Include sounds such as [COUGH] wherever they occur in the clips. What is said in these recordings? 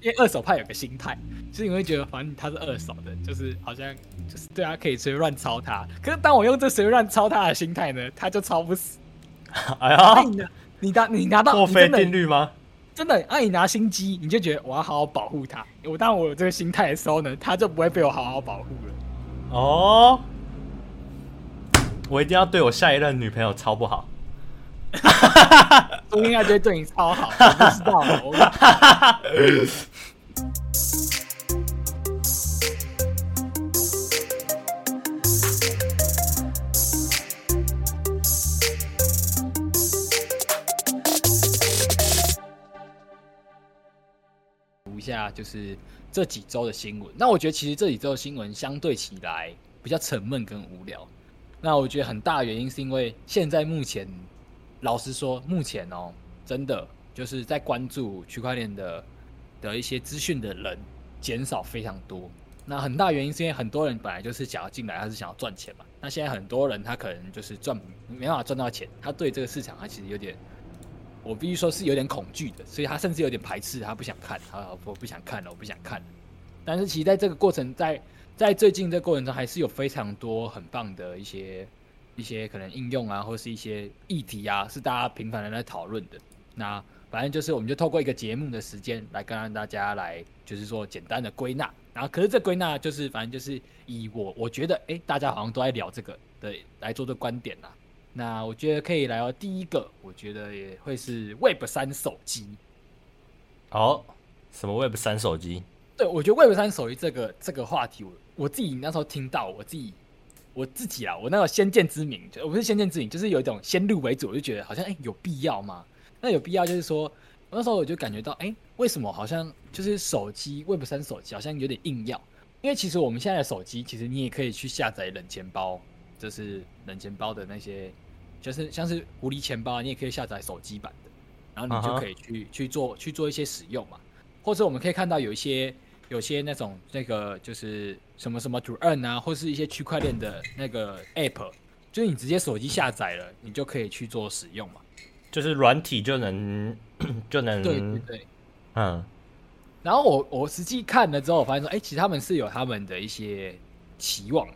因為二手派有個心態，就是你會覺得反正他是二手的，就是好像就是對他可以隨便亂抄他。可是當我用這隨便亂抄他的心態呢，他就抄不死。哎呀，你拿你拿，你拿到莫非定律嗎？真的，當你拿新機，你就覺得我要好好保護他。我當我有這個心態的時候呢，他就不會被我好好保護了。哦，我一定要對我下一任女朋友操不好。 [LAUGHS] 我應該覺得對你超好 [LAUGHS] 不知道好不好。 [LAUGHS] [LAUGHS] 讀 [NOISE] 一下，就是這幾周的新聞。那我覺得，其實這幾周的新聞相對起來比較沉悶跟無聊。那我覺得，很大的原因是因為現在目前。老實說，目前哦，真的就是在關注區塊鏈的的一些資訊的人減少非常多。那很大原因是因為很多人本來就是想要進來，他是想要賺錢嘛。那現在很多人他可能就是賺沒辦法賺到錢，他對這個市場他其實有點，我必須說是有點恐懼的，所以他甚至有點排斥，他不想看，他老婆，不想看了，我不想看了，不想看了。但是其實在這個過程，在在最近這個過程中，還是有非常多很棒的一些。一些可能應用啊，或是一些議題啊，是大家頻繁的來討論的。那反正就是，我們就透過一個節目的時間來跟大家來，就是說簡單的歸納。然後，可是這歸納就是，反正就是以我我覺得，哎、欸，大家好像都在聊這個的來做這觀點啦、啊。那我覺得可以來哦。第一個，我覺得也會是 Web 三手機。好、哦，什麼 Web 三手機？對，我覺得 Web 三手機這個這個話題我，我我自己那時候聽到，我自己。我自己啊，我那個先見之明，我不是先見之明，就是有一種先入為主，我就覺得好像誒、欸、有必要嗎？那有必要就是說，那時候我就感覺到，誒、欸，為什麼好像就是手機 Web 三手機好像有點硬要？因為其實我們現在的手機，其實你也可以去下載軟錢包，就是軟錢包的那些，就是像是狐狸錢包，你也可以下載手機版的，然後你就可以去、uh -huh. 去做去做一些使用嘛。或者我們可以看到有一些。有些那種那個就是什麼什麼 to earn 啊，或是一些區塊鏈的那個 App，就是你直接手機下載了，你就可以去做使用嘛。就是軟體就能 [COUGHS] 就能對對對，嗯。然後我我實際看了之後，我發現說，哎、欸，其實他們是有他們的一些期望。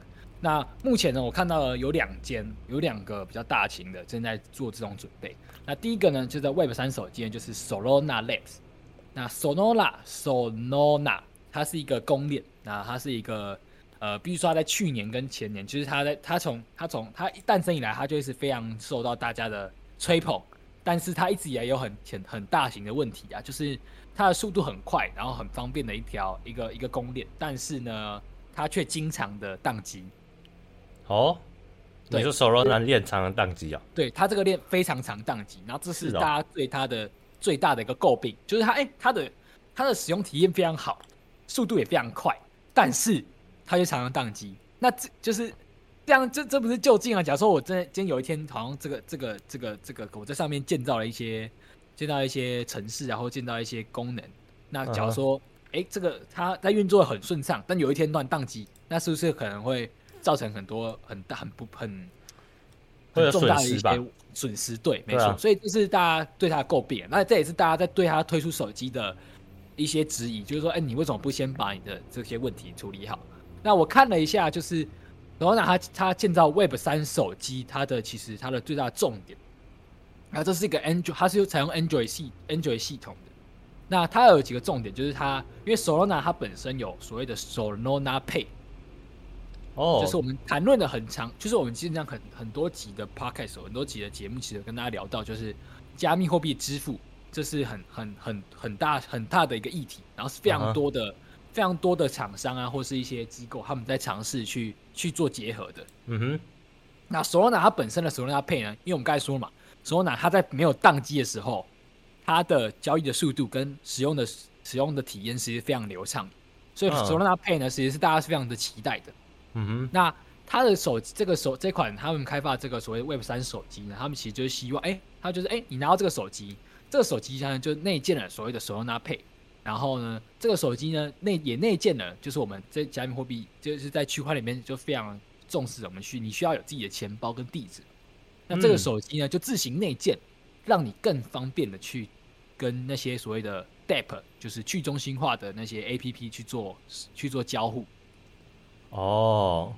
那目前呢，我看到了有兩間有兩個比較大型的正在做這種準備。那第一個呢，就在 Web 三手機，就是 Solana Labs。那 Solana Solana 它是一個公鏈，那、啊、它是一個，呃，必須說在去年跟前年，其、就、實、是、它在它從它從它誕生以來，它就是非常受到大家的吹捧，但是它一直以來有很很很大型的問題啊，就是它的速度很快，然後很方便的一條一個一個公鏈，但是呢，它卻經常的宕機。哦，你說 Solana 鏈常常宕機啊對？對，它這個鏈非常常宕機，然後這是大家對它的最大的一個詬病、哦，就是它哎、欸、它的它的使用體驗非常好。速度也非常快，但是它就常常宕機。那這就是這樣，這這不是就近啊？假如說我真今天有一天，好像這個這個這個這個，我在上面建造了一些，建造一些程式，然後建造一些功能。那假如說，哎、嗯欸，這個它在運作很順暢，但有一天亂宕機，那是不是可能會造成很多很大很不很很重大的一些損失、欸、失？對，沒錯、啊。所以這是大家對它的詬病，那這也是大家在對它推出手機的一些質疑，就是說，哎、欸，你為什麼不先把你的這些問題處理好？那我看了一下，就是 s o n o a 建造 Web 三手機，它的其實它的最大的重點，那這是一個 Android，它是採用 Android 系 Android 系統的。那它有幾個重點，就是它因為 s o n o n a 它本身有所謂的 s o n o n a Pay，哦、oh.，就是我們談論的很長，就是我們經常很很多集的 podcast，很多集的節目，其實跟大家聊到就是加密貨幣支付。這、就是很很很很大很大的一個議題，然後是非常多的、uh -huh. 非常多的廠商啊，或是一些機構，他們在嘗試去去做結合的。嗯哼。那 Solana 它本身的 Solana Pay 呢，因為我們剛才說了嘛，Solana 它在沒有宕機的時候，它的交易的速度跟使用的使用的體驗其實是非常流暢，所以 Solana Pay 呢，其實是大家是非常的期待的。嗯哼。那它的手這個手這款他們開發這個所謂 Web3 手機呢，他們其實就是希望，哎、欸，他就是哎、欸，你拿到這個手機。這個、手機上就內建了所謂的 Solana Pay，然後呢，這個手機呢內也內建了，就是我們在加密貨幣就是在區塊裡面就非常重視我們你需要有自己的錢包跟地址，那這個手機呢就自行內建，讓你更方便的去跟那些所謂的 DApp 就是去中心化的那些 APP 去做去做交互。哦，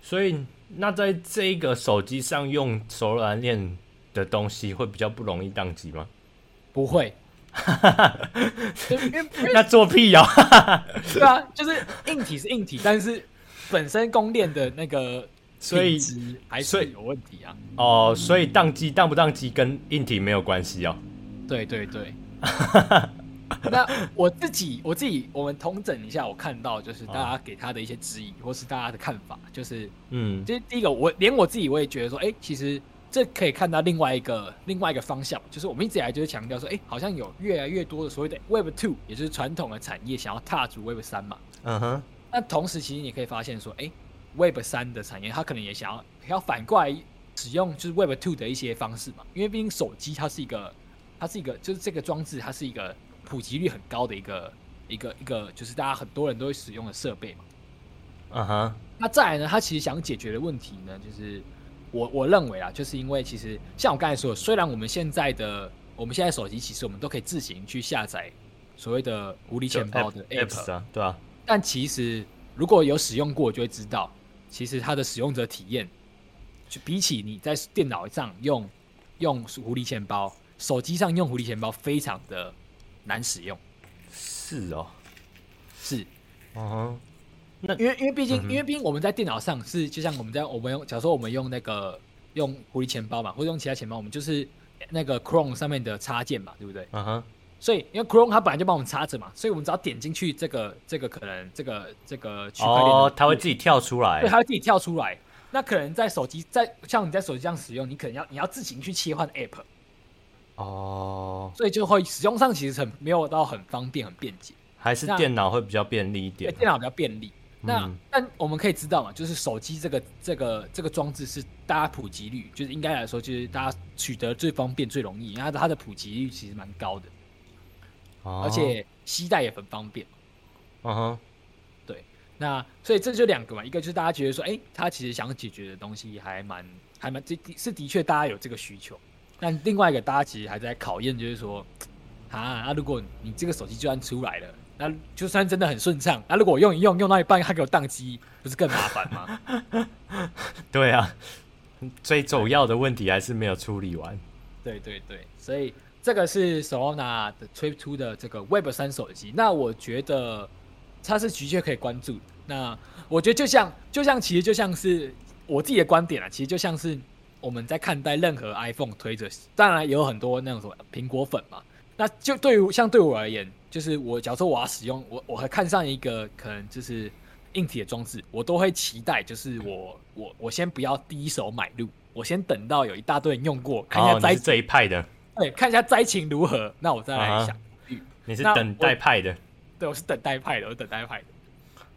所以那在這個手機上用 Solana 鏈的東西會比較不容易宕機嗎？不會 [LAUGHS] [LAUGHS] [LAUGHS] 那做屁謠、哦， [LAUGHS] 對啊，就是硬體是硬體，但是本身供電的那個配置還是有問題啊。哦，所以宕機宕不宕機跟硬體沒有關係哦。對對對， [LAUGHS] 那我自己我自己，我們統整一下，我看到就是大家給他的一些質疑、啊，或是大家的看法，就是嗯，就是第一個，我連我自己我也覺得說，哎、欸，其實。這可以看到另外一個另外一個方向，就是我們一直以來就是強調說，誒，好像有越來越多的所謂的 Web 2，也就是傳統的產業想要踏足 Web 3嘛。嗯哼。那同時，其實你可以發現說，誒，Web 3的產業它可能也想要要反過來使用就是 Web 2的一些方式嘛，因為畢竟手機它是一個它是一個就是這個裝置它是一個普及率很高的一個一個一個就是大家很多人都會使用的設備嘛。嗯哼。那再來呢，它其實想解決的問題呢，就是。我我認為啊，就是因為其實像我剛才說的，雖然我們現在的我們現在手機，其實我們都可以自行去下載所謂的狐狸錢包的 apps, app 啊，對啊，但其實如果有使用過，就會知道，其實它的使用者體驗，就比起你在電腦上用用狐狸錢包，手機上用狐狸錢包非常的難使用，是哦，是，哦、uh-huh.。那因為因為畢竟、嗯、因為畢竟我們在電腦上是就像我們在我們用，假如說我們用那個用狐狸錢包嘛，或者用其他錢包，我們就是那個 Chrome 上面的插件嘛，對不對？嗯哼。所以因為 Chrome 它本來就幫我們插着嘛，所以我們只要點進去這個這個可能這個這個區塊鏈。哦，它會自己跳出來。對，它會自己跳出來。那可能在手機在像你在手機上使用，你可能要你要自行去切換 App。哦。所以就會使用上其實很沒有到很方便很便捷。還是電腦會比較便利一點。電腦比較便利。那但我們可以知道嘛，就是手機這個這個這個裝置是大家普及率，就是應該來說就是大家取得最方便最容易，因為它的，它的普及率其實蠻高的，而且攜帶也很方便。嗯哼，對，那所以這就兩個嘛，一個就是大家覺得說，哎、欸，他其實想解決的東西還蠻還蠻這的是的確大家有這個需求，但另外一個大家其實還在考驗，就是說，啊啊，如果你這個手機就算出來了。那就算真的很順暢，那如果我用一用，用到一半它給我宕機，不是更麻煩嗎？ [LAUGHS] 對啊，最主要的問題還是沒有處理完。對對對，所以這個是 Solana 的推出的這個 Web 三手機，那我覺得它是的確可以關注。那我覺得就像就像其實就像是我自己的觀點啊，其實就像是我們在看待任何 iPhone 推着，當然也有很多那種什麼蘋果粉嘛。那就對於像對我而言。就是我，假如說我要使用我，我還看上一個可能就是硬體的裝置，我都會期待，就是我我我先不要第一手買入，我先等到有一大堆人用過，看一下災情、哦、你是這一派的，對，看一下災情如何，那我再來想、啊嗯。你是等待派的，對，我是等待派的，我等待派的。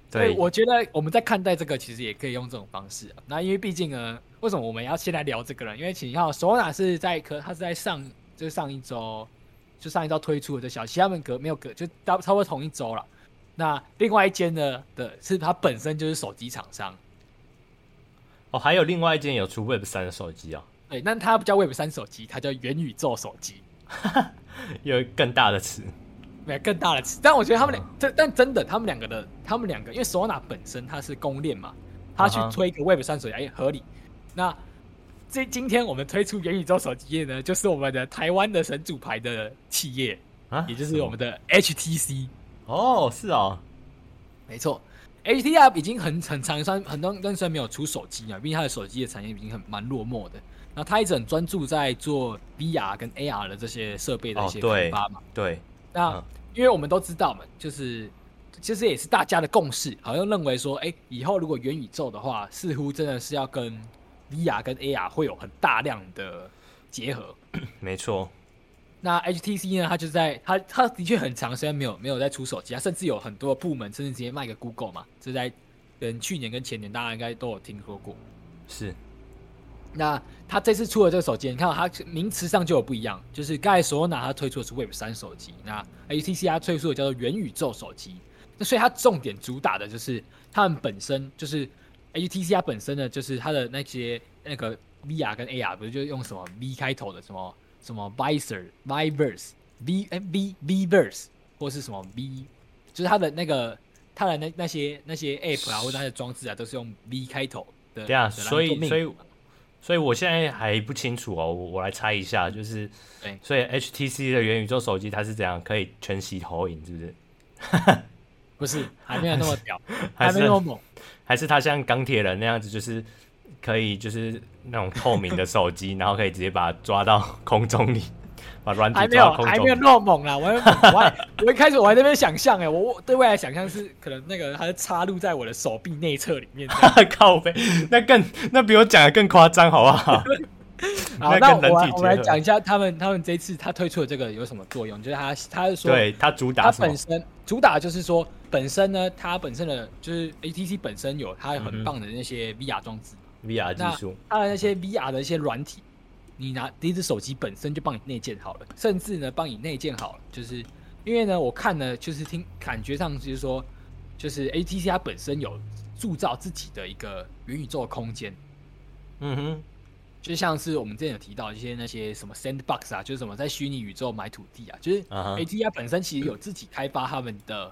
對，我覺得我們在看待這個，其實也可以用這種方式、啊、那因為畢竟呢，為什麼我們要先來聊這個呢？因為其實 Solana 是在可，他是在上就是上一週。就上一周推出的小，小，其他們隔沒有隔，就大差不多同一周了。那另外一間呢？的是它，本身就是手機廠商。哦，還有另外一間有出 Web 三的手機啊、哦。對，那它不叫 Web 三手機，它叫元宇宙手機。 [LAUGHS] 有更大的詞，沒有更大的詞。但我覺得他們兩、啊，這但真的，他們兩個的，他們兩個，因為索納本身它是公鏈嘛，它去推一個 Web 三手機還很合理。那今今天我們推出元宇宙手機業呢，就是我們的台灣的神主牌的企業啊，也就是我們的 HTC。哦，是啊、哦，沒錯，HTC 已經很很長時間，很長一段時間沒有出手機啊，畢竟它的手機的產業已經很蠻落寞的。那它一直很專注在做 VR 跟 AR 的這些設備的一些開發嘛？哦、對，對，那、嗯、因為我們都知道嘛，就是其實、就是、也是大家的共識，好像認為說，哎、欸，以後如果元宇宙的話，似乎真的是要跟 VR 跟 AR 會有很大量的結合， [COUGHS] 沒錯。那 HTC 呢？它就是在它，它的確很長時間沒有沒有在出手機，它甚至有很多部門，甚至直接賣給 Google 嘛。這在嗯去年跟前年，大家應該都有聽說過。是。那它這次出的這個手機，你看它名詞上就有不一樣，就是剛才 Solana 它推出的是 Web 三手機，那 HTC 它推出的叫做元宇宙手機，那所以它重點主打的就是他們本身就是。H T C 它本身呢，就是它的那些那個 V R 跟 A R，不是就用什麼 V 開頭的，什麼什麼 Visor、Viverse v,、欸、V V Viverse，或是什麼 V，就是它的那個它的那那些那些 App 啊，或者它的裝置啊，都是用 V 開頭的。對啊，所以所以所以我現在還不清楚哦，我，我來猜一下，就是，所以 H T C 的元宇宙手機它是怎樣可以全息投影，是不是？不是，還沒有那麼屌， [LAUGHS] 還，還沒那麼猛。還是他像鋼鐵人那樣子，就是可以就是那種透明的手機， [LAUGHS] 然後可以直接把它抓到空中裡，把軟體抓到空中裡。還沒有還沒有那麼猛啦，我還 [LAUGHS] 我還我一開始我還在那邊想象，欸、我對未來想象是可能那個它插入在我的手臂內側裡面。 [LAUGHS] 靠北， [LAUGHS] 那更那比我講的更誇張好不好？ [LAUGHS] 好 [LAUGHS] 那體，那我來我來講一下他們他們這次他推出的這個有什麼作用？就是他他是說對他主打他本身主打就是說。本身呢，它本身的就是 A T C 本身有它很棒的那些 V R 裝置嘛，嗯嗯，V R 技術，它的那些 V R 的一些軟體，你拿第一只手機本身就幫你內建好了，甚至呢幫你內建好了，就是因為呢，我看呢，就是聽感覺上就是說，就是 A T C 它本身有鑄造自己的一個元宇宙空間，嗯哼，就像是我們之前有提到一些那些什麼 Sandbox 啊，就是什麼在虛擬宇宙買土地啊，就是 A T C 它本身其實有自己開发他們的。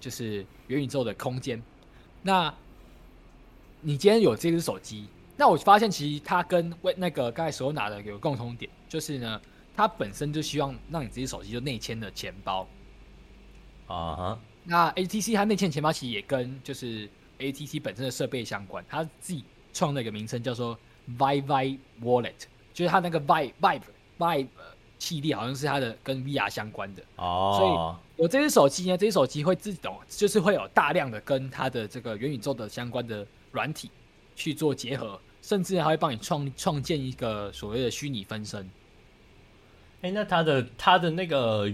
就是元宇宙的空間。那，你今天有這只手機，那我發現其實它跟為那個剛才所拿的有共通點，就是呢，它本身就希望讓你這支手機就內嵌的錢包。啊、uh -huh.，那 ATC 它內嵌錢包其實也跟就是 ATC 本身的設備相關，它自己創了一個名稱叫做 Vive Wallet，就是它那個 Vive Vive Vive。氣力好像是它的跟 VR 相關的哦，oh. 所以我這只手機呢，這只手機會自動就是會有大量的跟它的這個元宇宙的相關的軟體去做結合，甚至還會幫你創創建一個所謂的虛擬分身。哎、欸，那它的它的那個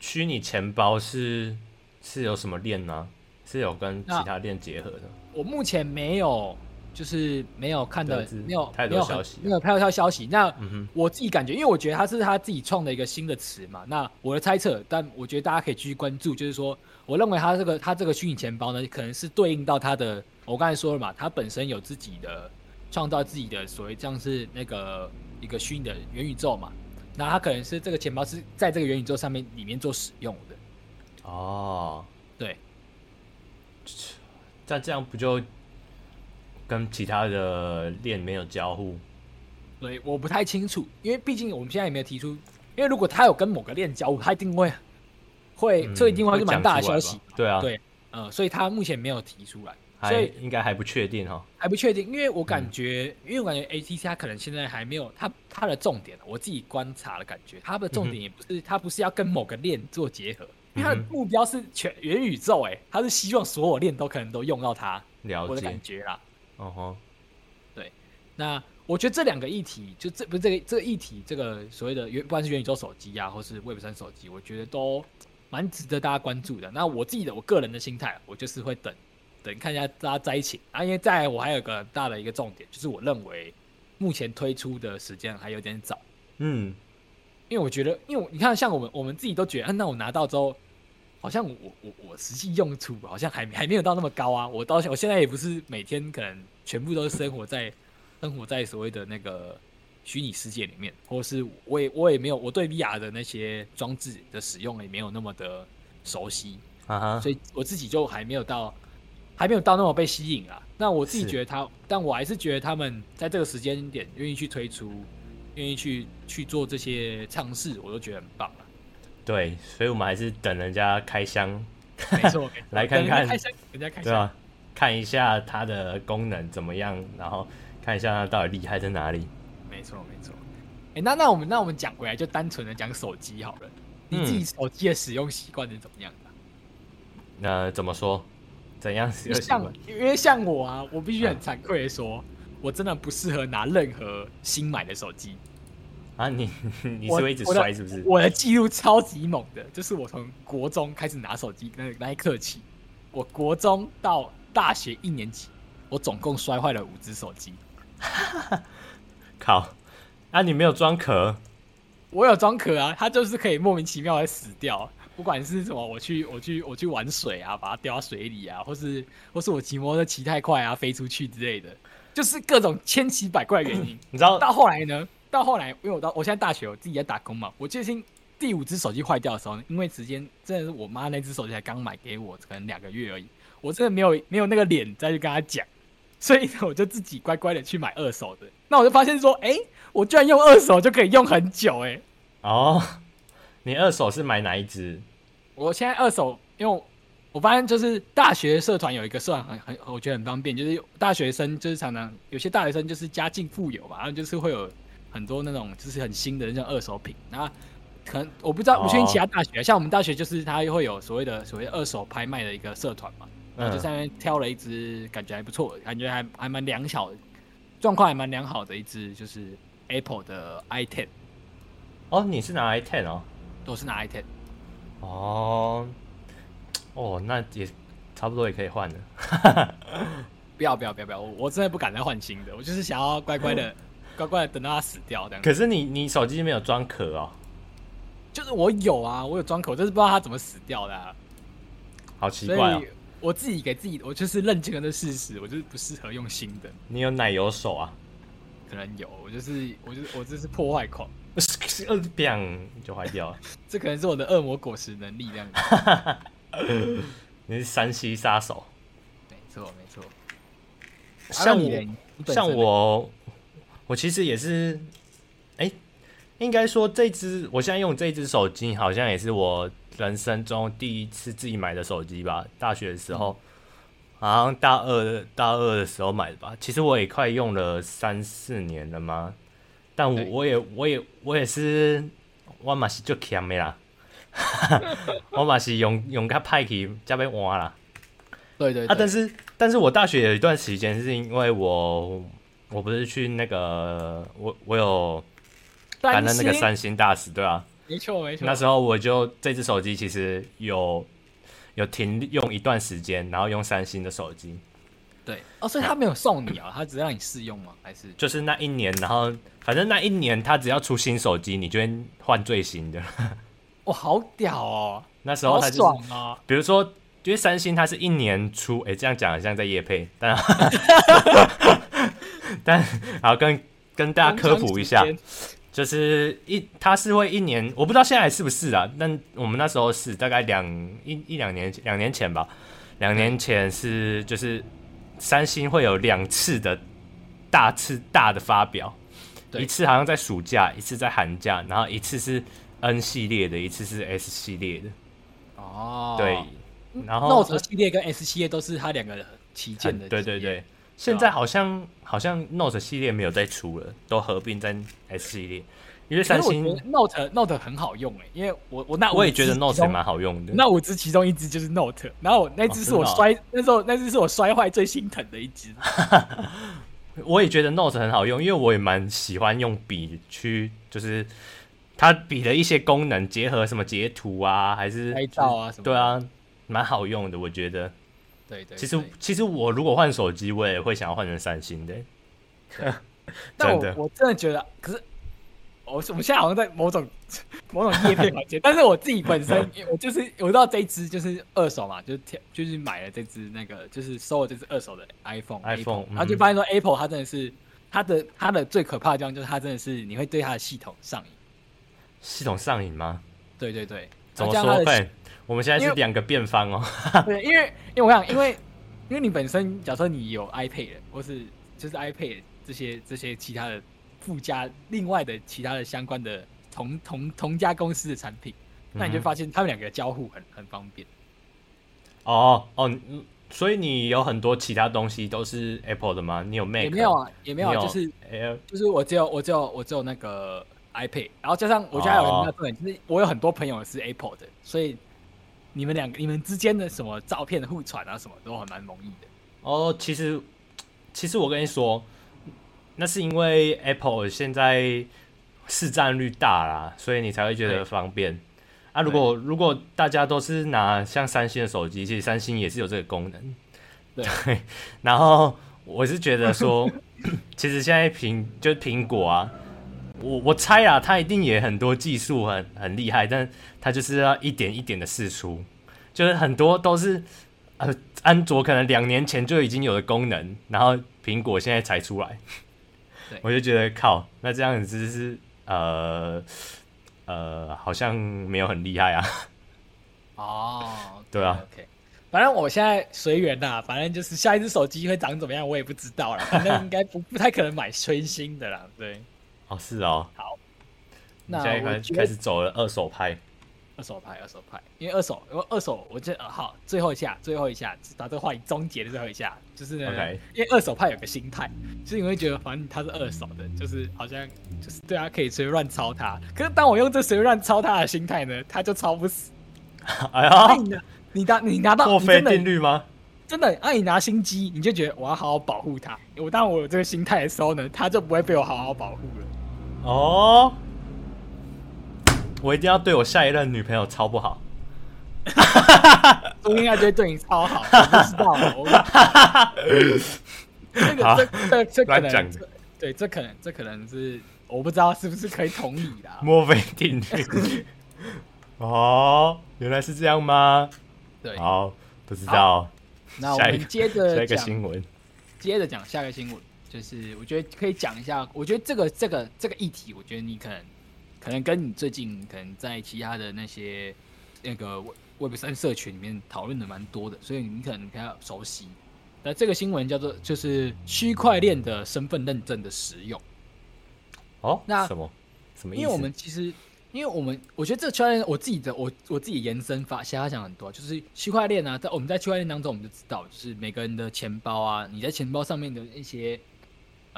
虛擬錢包是是有什麼鏈呢、啊？是有跟其他鏈結合的？我目前沒有。就是沒有看的，沒、沒有太多消息，沒有太多消息。那我自己感覺，因為我覺得他是他自己創的一個新的詞嘛。那我的猜測，但我覺得大家可以繼續關注，就是說，我認為他這個他這個虛擬錢包呢，可能是對應到他的，我剛才說了嘛，他本身有自己的創造自己的所謂像是那個一個虛擬的元宇宙嘛。那他可能是這個錢包是在這個元宇宙上面裡面做使用的。哦，對。那這樣不就？跟其他的鏈沒有交互，對，我不太清楚，因為畢竟我們現在也沒有提出。因為如果他有跟某個鏈交互，他一定會會這、嗯、一定會是蠻大的消息的，對啊，對，呃、嗯，所以他目前沒有提出來，所以應該還不確定哈、哦，還不確定，因為我感覺，嗯、因為我感覺 ATC 他可能現在還沒有他他的重點，我自己觀察的感覺，他的重點也不是、嗯、他不是要跟某個鏈做結合，因為他的目標是全元宇宙、欸，哎，他是希望所有鏈都可能都用到它，了解，我的感覺啦。哦吼，對，那我覺得這兩個議題，就這不是這個這個議題，這個所謂的元，不管是元宇宙手機呀、啊，或是 Web 3手機，我覺得都蠻值得大家關注的。那我自己的我個人的心態，我就是會等等看一下大家災情啊，因為再來我還有個大的一個重點，就是我認為目前推出的時間還有點早，嗯，因為我覺得，因為你看，像我們我們自己都覺得，那我拿到之後。好像我我我實際用處好像還沒還沒有到那麼高啊！我到我現在也不是每天可能全部都生活在生活在所謂的那個虛擬世界裡面，或是我也我也沒有我對 VR 的那些裝置的使用也沒有那麼的熟悉啊，uh -huh. 所以我自己就還沒有到還沒有到那麼被吸引啊。那我自己覺得他，但我還是覺得他們在這個時間點願意去推出，願意去去做這些嘗試，我都覺得很棒。對，所以我們還是等人家開箱，沒錯，沒錯 [LAUGHS] 來看看，開箱，人家開箱，對啊，看一下它的功能怎麼樣，然後看一下它到底厲害在哪裡。沒錯，沒錯。哎、欸，那那我們那我們講回來，就單純的講手機好了、嗯。你自己手機的使用習慣是怎麼樣的？那怎麼說？怎樣使用？因為像因為像我啊，我必須很慚愧的說、啊，我真的不適合拿任何新買的手機。啊，你你是不是一直摔是不是？我，我的記錄超級猛的，就是我從國中開始拿手機那那一刻起，我國中到大學一年級，我總共摔壞了五只手機。 [LAUGHS] 靠！那、啊、你沒有裝殼？我有裝殼啊，它就是可以莫名其妙的死掉，不管是什麼，我去我去我去玩水啊，把它掉到水裡啊，或是或是我騎摩托騎太快啊，飛出去之類的，就是各種千奇百怪的原因。你知道到後來呢？到後來，因為我到我現在大學，我自己在打工嘛。我最近第五隻手機壞掉的時候，因為時間真的是我媽那隻手機才剛買給我，可能兩個月而已。我真的沒有沒有那個臉再去跟她講，所以我就自己乖乖的去買二手的。那我就發現說，誒、欸，我居然用二手就可以用很久，欸，誒。哦，你二手是買哪一隻？我現在二手，因為我發現就是大學社團有一個算很很，我覺得很方便，就是大學生就是常常有些大學生就是家境富有嘛，然後就是會有。很多那種就是很新的那種二手品，那可能我不知道，不確定其他大學，哦，像我們大學就是它會有所謂的所謂二手拍賣的一個社團嘛，我、嗯、就上面挑了一隻感覺還不錯，感覺還還蠻良好，狀況還蠻良好的一隻，就是 Apple 的 i t a d 哦，你是拿 i t a n 哦？都是拿 i t a n 哦，哦，那也差不多也可以換了 [LAUGHS] 不要不要不要不要，我我真的不敢再換新的，我就是想要乖乖的，嗯。乖乖等到他死掉，這樣。可是你你手機沒有裝殼哦？就是我有啊，我有裝殼，就是不知道他怎麼死掉的啊。好奇怪哦。我自己給自己，我就是認清了這事實，我就是不適合用新的。你有奶油手啊？可能有，我就是我就是我就是破壞狂， [LAUGHS] 就壞掉了。 [LAUGHS] 這可能是我的惡魔果實能力，這樣子。 [LAUGHS] 你是山西殺手。沒錯沒錯。像我像我。我其實也是，哎、欸，應該說這支我現在用這支手機，好像也是我人生中第一次自己買的手機吧。大學的時候，嗯、好像大二大二的時候買的吧。其實我也快用了三四年了嘛，但我也、欸、我也我也，我也是，我也是最強的啦， [LAUGHS] 我嘛是用用卡派去加邊換啦。對對，對啊，但是但是我大學有一段時間是因為我。我不是去那個，我我有擔任那個三星大使，對吧？啊？沒錯，沒錯。那時候我就這只手機其實有有停用一段時間，然後用三星的手機。對，哦，所以他沒有送你啊，他、嗯、只是讓你試用嗎？還是就是那一年，然後反正那一年他只要出新手機，你就會換最新的。哇、 [LAUGHS] 哦，好屌哦！那時候他就是啊，比如說，因、就、為、是、三星它是一年出，哎、欸，這樣講好像在業配，但。 [LAUGHS] [LAUGHS] 但好，跟跟大家科普一下，就是一，它是會一年，我不知道現在是不是啊？但我們那時候是大概兩一一兩年兩年前吧，兩年前是就是三星會有兩次的大次大的發表，對，一次好像在暑假，一次在寒假，然後一次是 N 系列的，一次是 S 系列的。哦，對，然後 Note 系列跟 S 系列都是它兩個旗艦的旗艦、嗯，對對對。現在好像、啊、好像 Note 系列沒有再出了，都合併在 S 系列，因為三星 Note Note 很好用哎、欸，因為我我那我也覺得 Note 也蠻好用的。那五只其中一只就是 Note，然後那只是我摔、哦、是那時候那只是我摔壞最心疼的一只。 [LAUGHS] 我也覺得 Note 很好用，因為我也蠻喜歡用筆去，就是它筆的一些功能結合什麼截圖啊，還是、就是、拍照啊什麼，對啊，蠻好用的，我覺得。對，對對，其實其實我如果換手機，我也會想要換成三星的、欸 [LAUGHS] 真的。但我，我我真的覺得，可是我我現在好像在某種某種頁面環節。 [LAUGHS] 但是我自己本身， [LAUGHS] 我就是我知道這只就是二手嘛，就是就是買了這只那個，就是收了這只二手的 iPhone，iPhone，iPhone、嗯嗯、然後就發現說 Apple 它真的是它的它的最可怕的地方就是它真的是你會對它的系統上癮。系統上癮嗎？對對對，怎麼說？ [LAUGHS] 我們現在是兩個變方哦， [LAUGHS] 對，因為因為我跟你講，因為因為你本身，假設你有 iPad，或是就是 iPad 這些這些其他的附加、另外的其他的相關的同同同家公司的產品，那你就會發現他們兩個的交互很很方便。嗯、哦哦，所以你有很多其他東西都是 Apple 的嗎？你有 Mac？也沒有啊，也沒有，沒有有就是就是我只有我只有我只有那個 iPad，然後加上我家有一個哦哦就是我有很多朋友是 Apple 的，所以。你們兩個、你們之間的什麼照片的互傳啊，什麼都還蠻容易的。哦，其實，其實我跟你說，那是因為 Apple 現在市占率大啦，所以你才會覺得方便啊。如果如果大家都是拿像三星的手機，其實三星也是有這個功能。對。對。然後我是覺得說， [LAUGHS] 其實現在蘋就是蘋果啊。我我猜啊，他一定也很多技術很很厲害，但他就是要一點一點的試出，就是很多都是呃，安卓可能兩年前就已經有的功能，然後蘋果現在才出來，對，我就覺得靠，那這樣子是，是呃呃，好像沒有很厲害啊，哦，對啊，OK，反正我現在隨緣啦，反正就是下一只手機會長怎麼樣，我也不知道啦， [LAUGHS] 反正應該不不太可能買全新的啦，對。哦，是哦。好，那我們開始走了二手拍，二手拍，二手拍。因為二手，為二手我就，我這好，最後一下，最後一下，把這個話題終結的最後一下，就是呢，okay. 因為二手拍有個心態，就是你會覺得反正他是二手的，就是好像就是對他、啊、可以隨便亂抄他。可是當我用這隨便亂抄他的心態呢，他就抄不死。哎呀，你拿你拿，你拿到破費定律嗎？真的，當你拿新機，你就覺得我要好好保護他。我當我有這個心態的時候呢，他就不會被我好好保護了。哦，我一定要對我下一任女朋友超不好。哈哈哈哈我應該會對你超好， [LAUGHS] 我不知道。哈哈哈哈哈，這 [LAUGHS] 個這這可能這，對，這可能這可能是我不知道是不是可以同理啦。莫非定律？ [LAUGHS] [LAUGHS] 哦，原來是這樣嗎？對，好，不知道。那我們接着 [LAUGHS] 下一個新聞，接着講下個新聞。就是我覺得可以講一下，我覺得這個這個這個議題，我覺得你可能可能跟你最近可能在其他的那些那個 Web 三社群裡面討論的蠻多的，所以你可能比較熟悉。那這個新聞叫做就是區塊鏈的身份認證的實用。哦，那什麼什麼意思？因為我們其實，因為我們我覺得這圈我自己的我我自己延伸發，其他想很多，就是區塊鏈啊，在我們在區塊鏈當中，我們就知道，就是每個人的錢包啊，你在錢包上面的一些。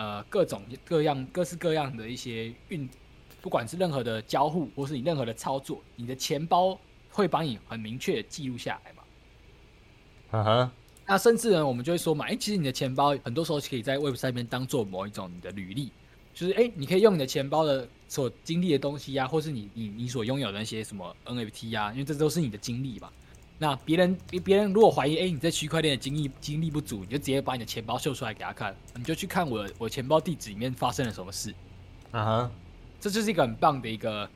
呃，各種各樣、各式各樣的一些運，不管是任何的交互，或是你任何的操作，你的錢包會幫你很明確的記錄下來嘛？嗯哼，那甚至呢，我們就會說嘛，哎、欸，其實你的錢包很多時候可以在 Web 上面當做某一種你的履歷，就是哎、欸，你可以用你的錢包的所經歷的東西呀、啊，或是你你你所擁有的那些什麼 NFT 呀、啊，因為這都是你的經歷嘛。那別人，別人如果懷疑，哎、欸，你在區塊鏈的經歷經歷不足，你就直接把你的錢包秀出來給他看，你就去看我我錢包地址裡面發生了什麼事。啊哈，這就是一個很棒的一個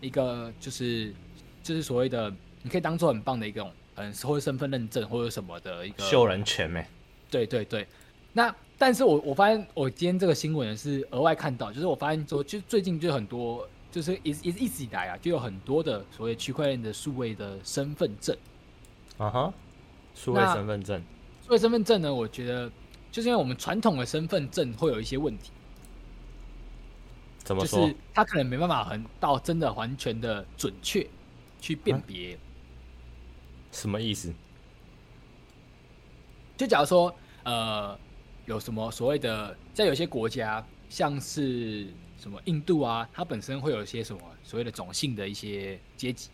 一個，就是就是所謂的，你可以當做很棒的一種，嗯，社會身份認證或者什麼的一個秀人權唄。對對對，那但是我我發現我今天這個新聞是額外看到，就是我發現說，就最近就很多，就是一一直以來啊，就有很多的所謂區塊鏈的數位的身份證。啊、uh、哈 -huh.，數位身份證，數位身份證呢？我覺得就是因為我們傳統的身份證會有一些問題，怎麼說？他、就是、可能沒辦法很到真的完全的準確去辨別，什麼意思？就假如說呃，有什麼所謂的，在有些國家，像是什麼印度啊，它本身會有一些什麼所謂的種姓的一些階級。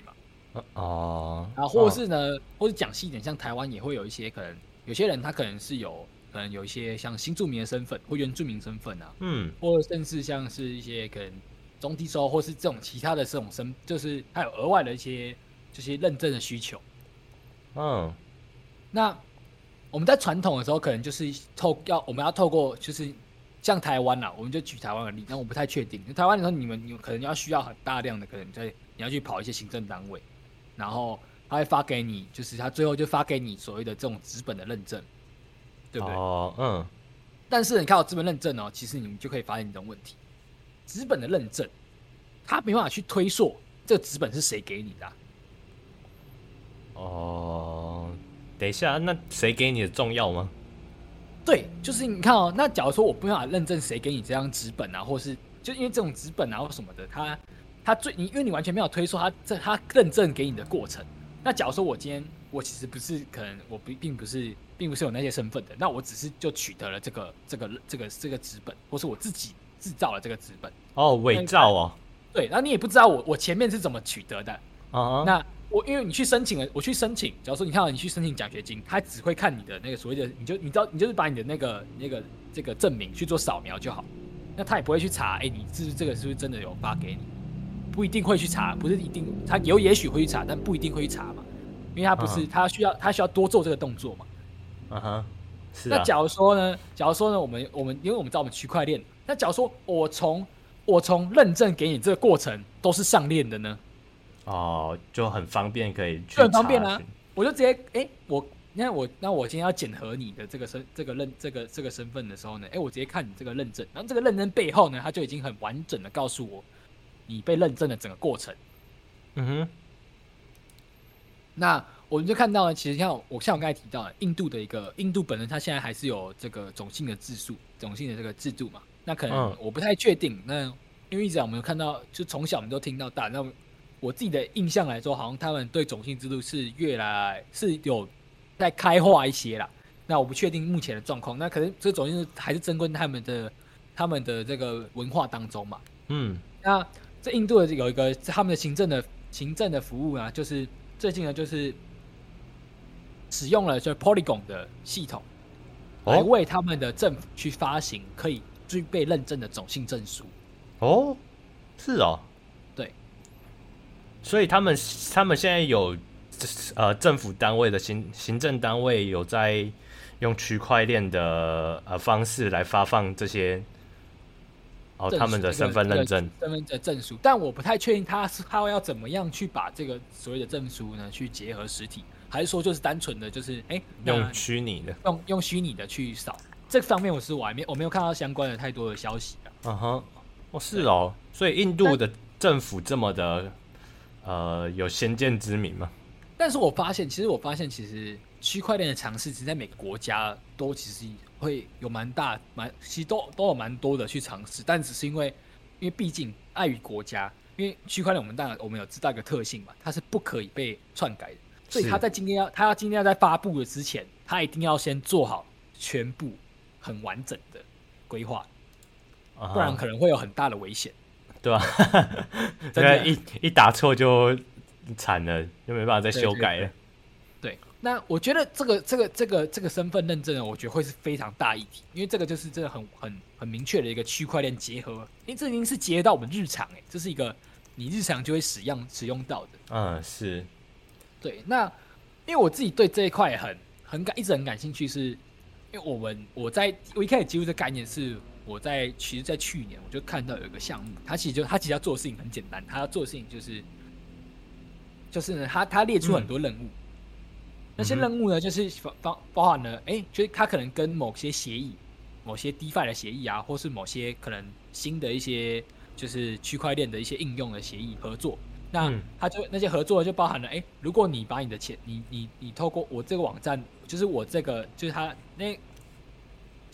哦、uh，啊，或是呢，uh. 或者講細一點，像台灣也會有一些可能，有些人他可能是有，可能有一些像新住民的身份或原住民的身份啊，嗯，或者甚至像是一些可能中低收或是這種其他的這種身，就是他有額外的一些這些認證的需求。嗯、uh.，那我們在傳統的時候，可能就是透要我們要透過就是像台灣啊，我們就舉台灣的例子，那我不太確定，台灣的時候你們有可能要需要很大量的可能在你要去跑一些行政單位。然後他會發給你，就是他最後就發給你所謂的這種紙本的認證，對不對？哦，嗯。但是你看，我紙本認證哦，其實你們就可以發現一種問題：紙本的認證，他沒辦法去推說這個紙本是誰給你的。啊。哦，等一下，那誰給你的重要嗎？對，就是你看哦，那假如說我不用認證誰給你這張紙本啊，或是就因為這種紙本啊或什麼的，他。他最你因為你完全沒有推出他這他認證給你的過程。那假如說我今天我其實不是可能我不並不是並不是有那些身份的，那我只是就取得了這個這個這個這個紙本，或是我自己製造了這個紙本。哦，偽造哦。對，那你也不知道我我前面是怎麼取得的。哦、嗯嗯。那我因為你去申請了，我去申請，假如說你看到你去申請獎學金，他只會看你的那個所謂的，你就你知道你就是把你的那個那個這個證明去做掃描就好，那他也不會去查，哎、欸，你是這個是不是真的有發給你？不一定會去查，不是一定他有也許會去查，但不一定會去查嘛，因為他不是、uh-huh. 他需要他需要多做這個動作嘛。嗯哼，是、啊。那假如說呢？假如說呢？我們我們因為我們知道我們區塊鏈。那假如說我從我從認證給你這個過程都是上鏈的呢？哦、oh,，就很方便可以去查，就很方便啊！我就直接哎、欸，我你看我那我今天要檢核你的這個身這個認這個這個身份的時候呢？誒、欸，我直接看你這個認證，然後這個認證背後呢，他就已經很完整的告訴我。你被認證的整個過程，嗯哼。那我們就看到呢，其實像我像我剛才提到，印度的一個印度本身，它現在還是有這個種姓的制度，種姓的這個制度嘛。那可能我不太確定，哦。那因為一直我們有看到，就從小我們都聽到大，大那我自己的印象來說，好像他們對種姓制度是越來是有在開化一些啦。那我不確定目前的狀況。那可能這種姓還是珍貴他們的他們的這個文化當中嘛。嗯，那。在印度的有一個他們的行政的行政的服務啊，就是最近呢，就是使用了就 Polygon 的系統、哦、來為他們的政府去發行可以具備認證的種姓證書。哦，是哦，對。所以他們他們現在有呃政府單位的行行政單位有在用區塊鏈的呃方式來發放這些。哦，他們的身份認證、這個這個、身份的證書，但我不太確定他是他會要怎麼樣去把這個所謂的證書呢，去結合實體，還是說就是單純的就是哎、欸，用虛擬的，呃、用用虛擬的去掃，這方面我是我還沒我沒有看到相關的太多的消息啊。嗯哼，哦，是哦，所以印度的政府這麼的呃有先見之明嗎？但是我發現，其實我發現，其實區塊鏈的嘗試，其實在每個國家都其實。會有蠻大蠻，其實都都有蠻多的去嘗試，但只是因為，因為畢竟礙於國家，因為區塊鏈我們當然我們有知道一個特性嘛，它是不可以被篡改的，所以他在今天要他要今天要在發布的之前，他一定要先做好全部很完整的規劃，Uh-huh. 不然可能會有很大的危險，對吧、啊？ [LAUGHS] 真的啊？ [LAUGHS] 因為一一打錯就慘了，就沒辦法再修改了。對對對對那我覺得這個這個這個這個身份認證，呢，我覺得會是非常大議題，因為這個就是真的很很很明確的一個區塊鏈結合，因為這已經是結合到我們日常、欸，哎，這是一個你日常就會使用使用到的。嗯、啊，是對。那因為我自己對這一塊很很感，一直很感興趣是，是因為我們我在我一開始接觸這個概念是我在其實在去年我就看到有一個項目，它其實就它其實要做的事情很簡單，它要做的事情就是就是呢它它列出很多任務。嗯那些任務呢，就是包包含了，哎，就是他可能跟某些協議、某些 DeFi 的協議啊，或是某些可能新的一些就是區塊鏈的一些應用的協議合作。嗯。那他就那些合作就包含了，哎，如果你把你的錢，你你你透過我這個網站，就是我這個，就是他那個。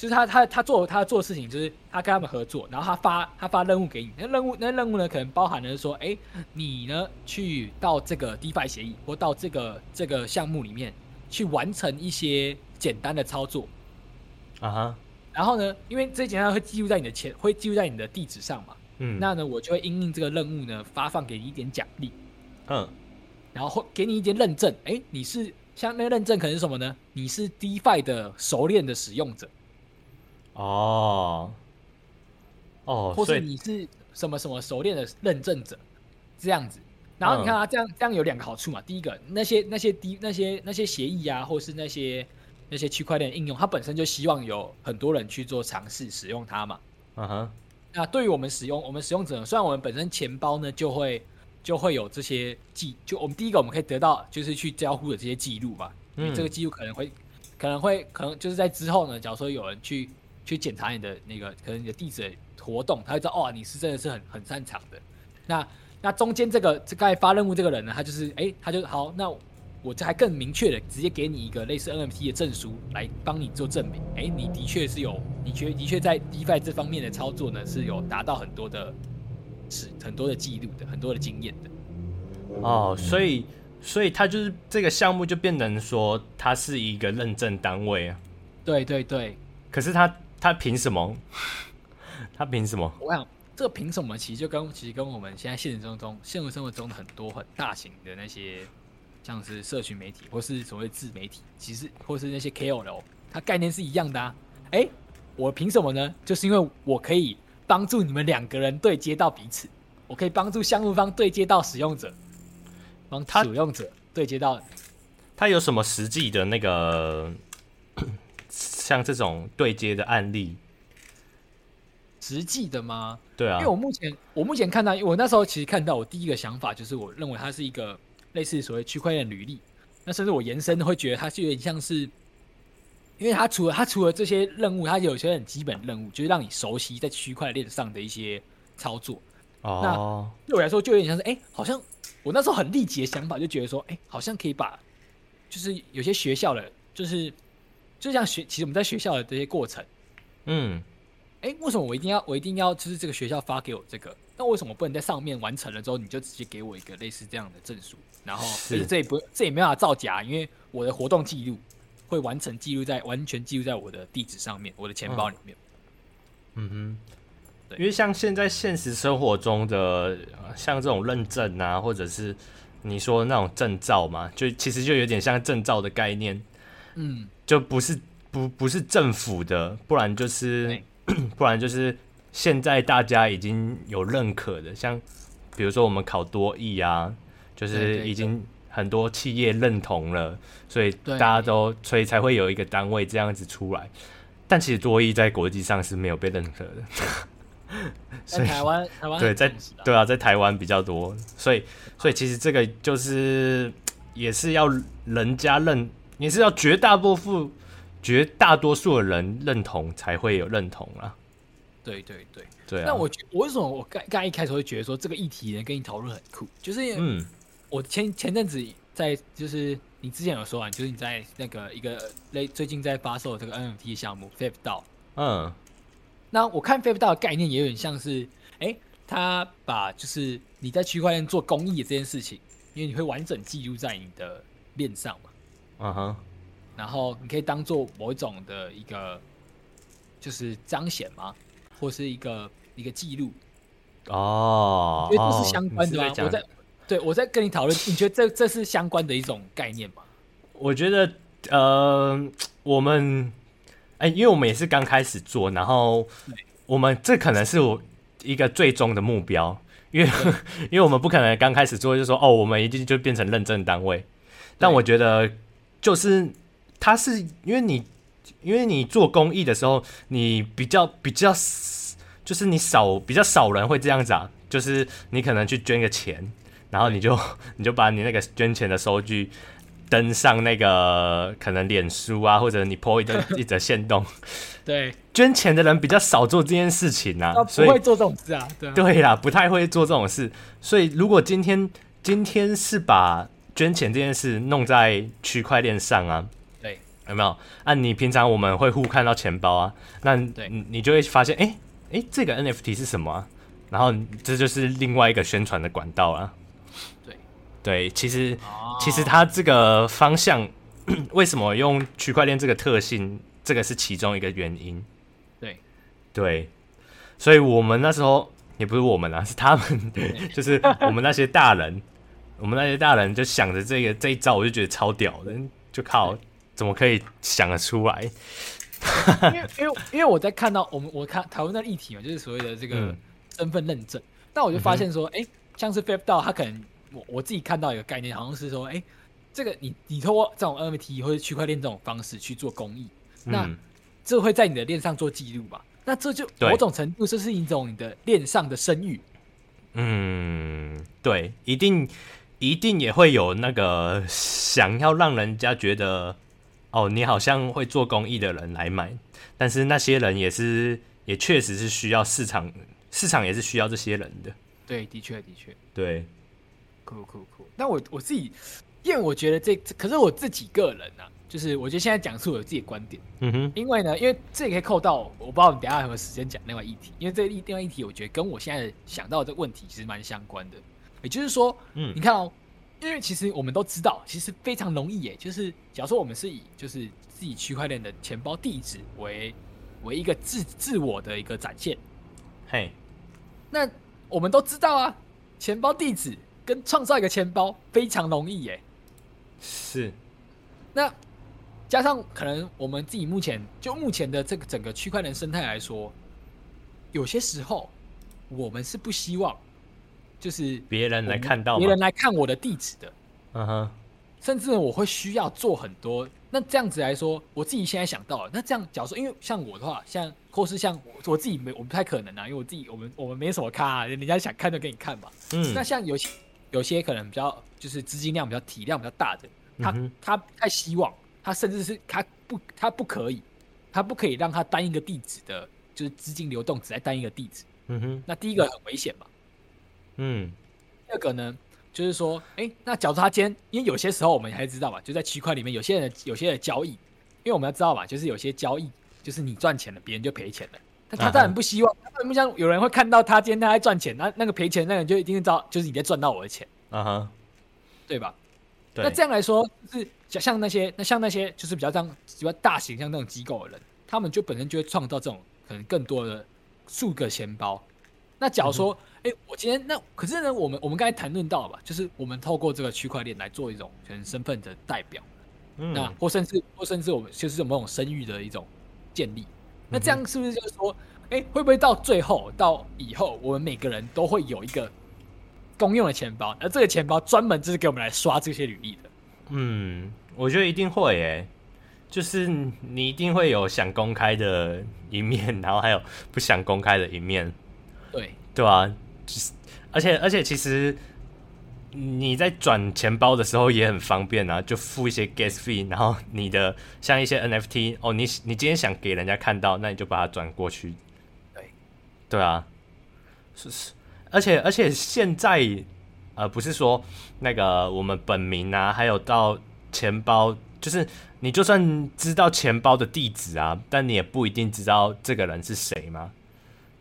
就是他，他，他做他做的事情，就是他跟他們合作，然後他發他發任務給你。那任務那任務呢，可能包含的是說，哎、欸，你呢去到這個 DeFi 協議或到這個這個項目裡面去完成一些簡單的操作啊。Uh -huh. 然後呢，因為這些簡單會記錄在你的前，會記錄在你的地址上嘛。嗯。那呢，我就會因應這個任務呢，發放給你一點獎勵。嗯、uh -huh.。然後給你一點認證。哎、欸，你是像那個認證可能是什麼呢？你是 DeFi 的熟練的使用者。哦，哦，或者你是什麼什麼熟練的認證者，這樣子。然後你看啊，嗯、這樣這樣有兩個好處嘛。第一個，那些那些低那些那些協議啊，或是那些那些區塊鏈應用，它本身就希望有很多人去做嘗試使用它嘛。嗯哼。那對於我們使用，我們使用者雖然我們本身錢包呢就會就會有這些記，就我們第一個我們可以得到就是去交互的這些記錄嘛。嗯。這個記錄可能會可能會可能就是在之後呢，假如說有人去。去檢查你的那個，可能你的地址活動，他會知道哦，你是真的是很很擅長的。那那中間這個這該發任務這個人呢，他就是哎、欸，他就好。那我這還更明確的，直接給你一個類似 NFT 的證書來幫你做證明。哎、欸，你的確是有，你確的確在 DeFi 這方面的操作呢，是有達到很多的，是很多的記錄的，很多的經驗的。哦，所以所以他就是這個項目就變成說，他是一個認證單位啊、嗯。對對對。可是他。他憑什麼？他憑什麼？我想，這憑什麼其實就跟其實跟我們現在現實生活中，現實生活中很多很大型的那些，像是社群媒體或是所謂自媒體，其實是或是那些 KOL，它概念是一樣的啊。欸，我憑什麼呢？就是因為我可以幫助你們兩個人對接到彼此，我可以幫助項目方對接到使用者，幫使用者對接到他。他有什麼實際的那個？像這種對接的案例，實際的嗎？對啊，因為我目前我目前看到，我那時候其實看到，我第一個想法就是，我認為它是一個類似所謂區塊鏈履歷，那甚至我延伸會覺得它是有點像是，因為它除了它除了這些任務，它有些很基本的任務，就是讓你熟悉在區塊鏈上的一些操作。Oh. 那對我來說就有點像是，哎、欸，好像我那時候很立即的想法就覺得說，哎、欸，好像可以把，就是有些學校的，就是。就像學，其實我們在學校的這些過程，嗯，欸，為什麼我一定要我一定要就是這個學校發給我這個？那為什麼不能在上面完成了之後，你就直接給我一個類似這樣的證書？然後，是這也不這也沒辦法造假，因為我的活動記錄會完成記錄在完全記錄在我的地址上面，我的錢包裡面嗯。嗯哼，對，因為像現在現實生活中的像這種認證啊，或者是你說的那種證照嘛，就其實就有點像證照的概念。嗯，就不是不不是政府的，不然就是 [COUGHS] 不然就是現在大家已經有認可的，像比如說我們考多益啊，就是已經很多企業認同了，對對對所以大家都所以才會有一個單位這樣子出來。但其實多益在國際上是沒有被認可的， [LAUGHS] 所以台灣台灣對在對啊，在台灣比較多，所以所以其實這個就是也是要人家認。你是要絕大部分、絕大多數的人認同，才會有認同啊？對對對，對、啊、那我我為什麼我剛剛一開始會覺得說這個議題能跟你討論很酷？就是嗯，我前前陣子在就是你之前有說完，就是你在那個一個類最近在發售的這個 NFT 項目 FaveDao 嗯，那我看 FaveDao 的概念也有點像是，哎、欸，他把就是你在區塊鏈做公益這件事情，因為你會完整記錄在你的鏈上嘛。嗯哼，然後你可以當做某一種的一個，就是彰顯嗎？或是一個一個記錄？哦，因為不是相關的吧，我在，對，我在跟你討論， [LAUGHS] 你覺得這這是相關的一種概念嗎？我覺得呃，我們哎、欸，因為我們也是剛開始做，然後我們這可能是我一個最終的目標，因為 [LAUGHS] 因為我們不可能剛開始做就說哦，我們一定就變成認證單位，但我覺得。就是他是因為你，因為你做公益的時候，你比較比較，就是你少比較少人會這樣子啊。就是你可能去捐個錢，然後你就你就把你那個捐錢的收據登上那個可能臉書啊，或者你 po 一則 [LAUGHS] 一則限動。對，捐錢的人比較少做這件事情啊，所以啊不會做這種事啊。對啊對啦，不太會做這種事。所以如果今天今天是把。捐錢這件事弄在區塊鏈上啊。對，有沒有？那、啊、你平常我們會互看到錢包啊，那對，你就會發現，哎哎，這個 NFT 是什麼、啊？然後這就是另外一個宣傳的管道啊。對對，其實其實它這個方向、oh. 為什麼用區塊鏈這個特性，這個是其中一個原因。對對，所以我們那時候也不是我們啊，是他們，對 [LAUGHS] 就是我們那些大人。 [LAUGHS] 我們那些大人就想着這個這一招，我就覺得超屌的，就靠、欸、怎麼可以想得出來？因為因為因為我在看到我們我看台灣的議題嘛，就是所謂的這個、嗯、身份認證。但我就發現說，誒、嗯欸，像是 f i 到他可能我我自己看到一個概念，好像是說，誒、欸，這個你你透過這種 NFT 或者區塊鏈這種方式去做公益，那、嗯、這會在你的鏈上做記錄吧？那這就某種程度就是這是一種你的鏈上的聲譽。嗯，對，一定。一定也會有那個想要讓人家覺得，哦，你好像會做公益的人來買，但是那些人也是，也確實是需要市場，市場也是需要這些人的。對，的確，的確，對，酷酷酷。那我我自己，因為我覺得這，可是我自己個人啊，就是我覺得現在講述我自己的觀點。嗯哼。因為呢，因為這也可以扣到，我不知道等下還有沒有時間講另外一題，因為這另外一題，我覺得跟我現在想到的問題其實蠻相關的。也就是說，嗯，你看哦，因為其實我們都知道，其實非常容易耶。就是假如說我們是以就是自己區塊鏈的錢包地址為為一個自自我的一個展現，嘿，那我們都知道啊，錢包地址跟創造一個錢包非常容易耶。是，那加上可能我們自己目前就目前的這個整個區塊鏈生態來說，有些時候我們是不希望。就是別人來看到，別人來看我的地址的，嗯哼，甚至我會需要做很多。那這樣子來說，我自己現在想到了，那這樣假如說，因為像我的話，像或是像我自己，沒我不太可能啊，因為我自己我們我們沒什麼咖啊，人家想看就給你看吧。嗯，那像有些有些可能比較就是資金量比較體量比較大的，他他太希望他甚至是他不他不可以，他不可以讓他單一個地址的，就是資金流動只在單一個地址。嗯哼，那第一個很危險嘛。嗯，第二個呢，就是說，哎、欸，那假如他今天，因為有些時候我們還知道嘛，就在區塊裡面有，有些人有些的交易，因為我們要知道嘛，就是有些交易就是你賺錢了，別人就賠錢了。但他當然不希望，不、uh -huh. 像有人會看到他今天他在賺錢，那那個賠錢的那個人就一定知道，就是你在賺到我的錢啊、uh -huh.，對吧？那這樣來說，就是像像那些，那像那些就是比較這樣喜歡大型像這種機構的人，他們就本身就會創造這種可能更多的數個錢包。那假如說，哎、欸，我今天那可是呢？我們我們剛才談論到了吧，就是我們透過這個區塊鏈來做一種全身份的代表，嗯、那或甚至或甚至我們就是有某種聲譽的一種建立。那這樣是不是就是說，哎、嗯欸，會不會到最後到以後，我們每個人都會有一個公用的錢包，而這個錢包專門就是給我們來刷這些履歷的？嗯，我覺得一定會耶、欸。就是你一定會有想公開的一面，然後還有不想公開的一面。對對啊，就是而且而且其實你在轉錢包的時候也很方便啊，就付一些 gas fee，然後你的像一些 NFT，哦，你你今天想給人家看到，那你就把它轉過去。對，對啊，是是，而且而且現在呃，不是說那個我們本名啊，還有到錢包，就是你就算知道錢包的地址啊，但你也不一定知道這個人是誰嘛。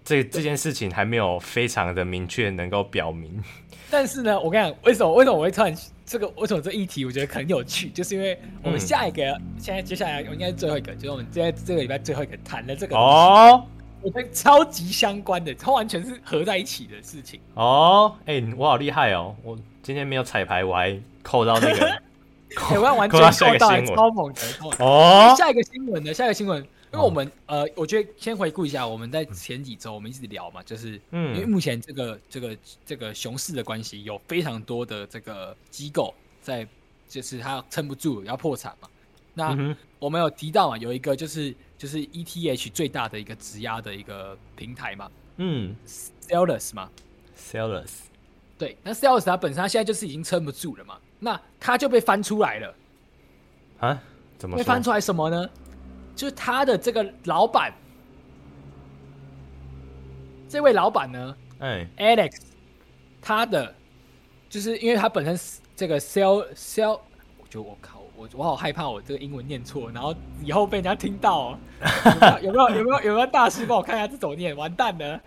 這這件事情還沒有非常的明確能夠表明，但是呢，我跟你講，為什麼為什麼我會突然這個為什麼這議題我覺得很有趣，就是因為我們下一個、嗯、現在接下來我應該是最後一個，就是我們今天這個禮拜最後一個談的這個哦，我們超級相關的，它完全是合在一起的事情哦。哎、欸，我好厲害哦！我今天沒有彩排，我還扣到那個，我要玩最後超猛的哦！下一個新聞呢，下一個新聞。因為我們、哦、呃，我覺得先回顧一下，我們在前幾周我們一直聊嘛，就是、嗯、因為目前這個這個這個熊市的關係，有非常多的這個機構在，就是它撐不住要破產嘛。那、嗯、我們有提到嘛，有一個就是就是 ETH 最大的一個質押的一個平台嘛，嗯，Sellers 嘛，Sellers，、嗯、對，那 Sellers 它本身他現在就是已經撐不住了嘛，那它就被翻出來了啊？怎麼說？被翻出來什麼呢？就是他的這個老闆，這位老闆呢，哎、欸、，Alex，他的就是因為他本身這個 sell sell，我就我靠，我我好害怕我這個英文念錯，然後以後被人家聽到、喔 [LAUGHS] 有有，有沒有有沒有有沒有大師幫我看一下這怎麼念？完蛋了！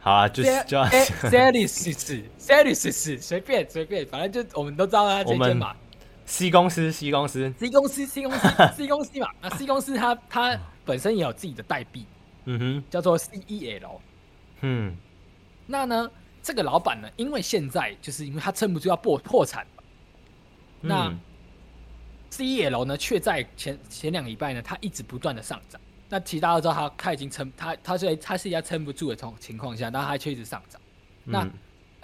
好啊，就是叫 salesis，salesis，隨便隨便，反正就我們都知道他這句嘛。C 公司，C 公司，C 公司，C 公司，C 公司嘛。啊 [LAUGHS] C 公司它它本身也有自己的代幣，嗯哼，叫做 CEL。嗯，那呢，這個老板呢，因為現在就是因為他撐不住要破破產嘛、嗯，那 CEL 呢卻在前前兩禮拜呢，它一直不斷的上漲。那其實大家都知道，他他已經撐，他他是他是一家撐不住的情情況下，但他卻一直上漲、嗯。那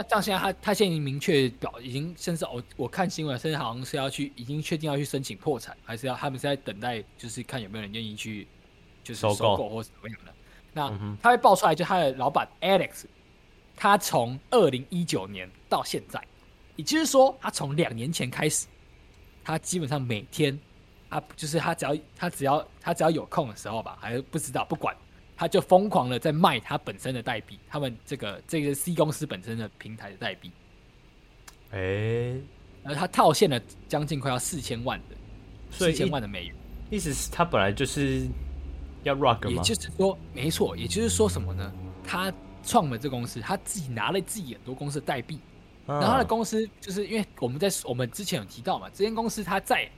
那這樣，現在他他現在已經明確表，已經甚至我我看新聞，甚至好像是要去，已經確定要去申請破產，還是要他們是在等待，就是看有沒有人願意去，就是收購或者怎麼樣的。那、嗯、他被爆出來，就他的老板 Alex，他從二零一九年到現在，也就是說，他從兩年前開始，他基本上每天，他就是他只要他只要他只要有空的時候吧，還是不知道不管。他就瘋狂的在賣他本身的代幣，他們這個這個 C 公司本身的平台的代幣，哎，而他套現了將近快要四千萬的四千萬的美元，意思是他本來就是要 rug 了嗎？也就是說，沒錯，也就是說什麼呢？他創了這個公司，他自己拿了自己很多公司的代幣，哦，然後他的公司就是因為我們在我們之前有提到嘛，這間公司他在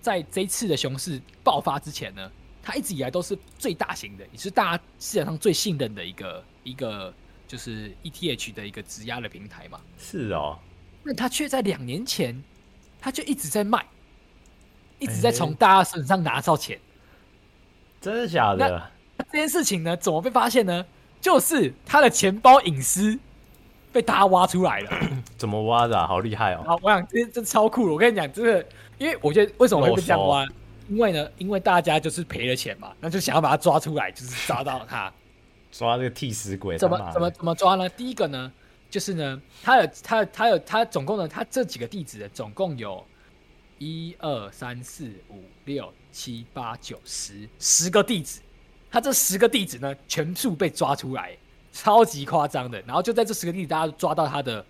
在這次的熊市爆發之前呢。他一直以來都是最大型的，也是大家世界上最信任的一個一個就是 ETH 的一個質押的平台嘛。是哦。那他卻在兩年前，他就一直在賣，一直在從大家身上拿到錢。欸、真的假的？那這件事情呢，怎麼被發現呢？就是他的錢包隱私被大家挖出來了。怎麼挖的、啊？好厲害哦！好，我想這這超酷的。我跟你講，這個因為我覺得為什麼會這樣挖？因為呢，因為大家就是賠了錢嘛，那就想要把他抓出來，就是抓到他， [LAUGHS] 抓這個替死鬼。怎麼怎麼怎麼抓呢？第一個呢，就是呢，他有他他有,他,有他總共呢，他這幾個地址，總共有，一二三四五六七八九十十個地址。他這十個地址呢，全數被抓出來，超級誇張的。然後就在這十個地址，大家抓到他的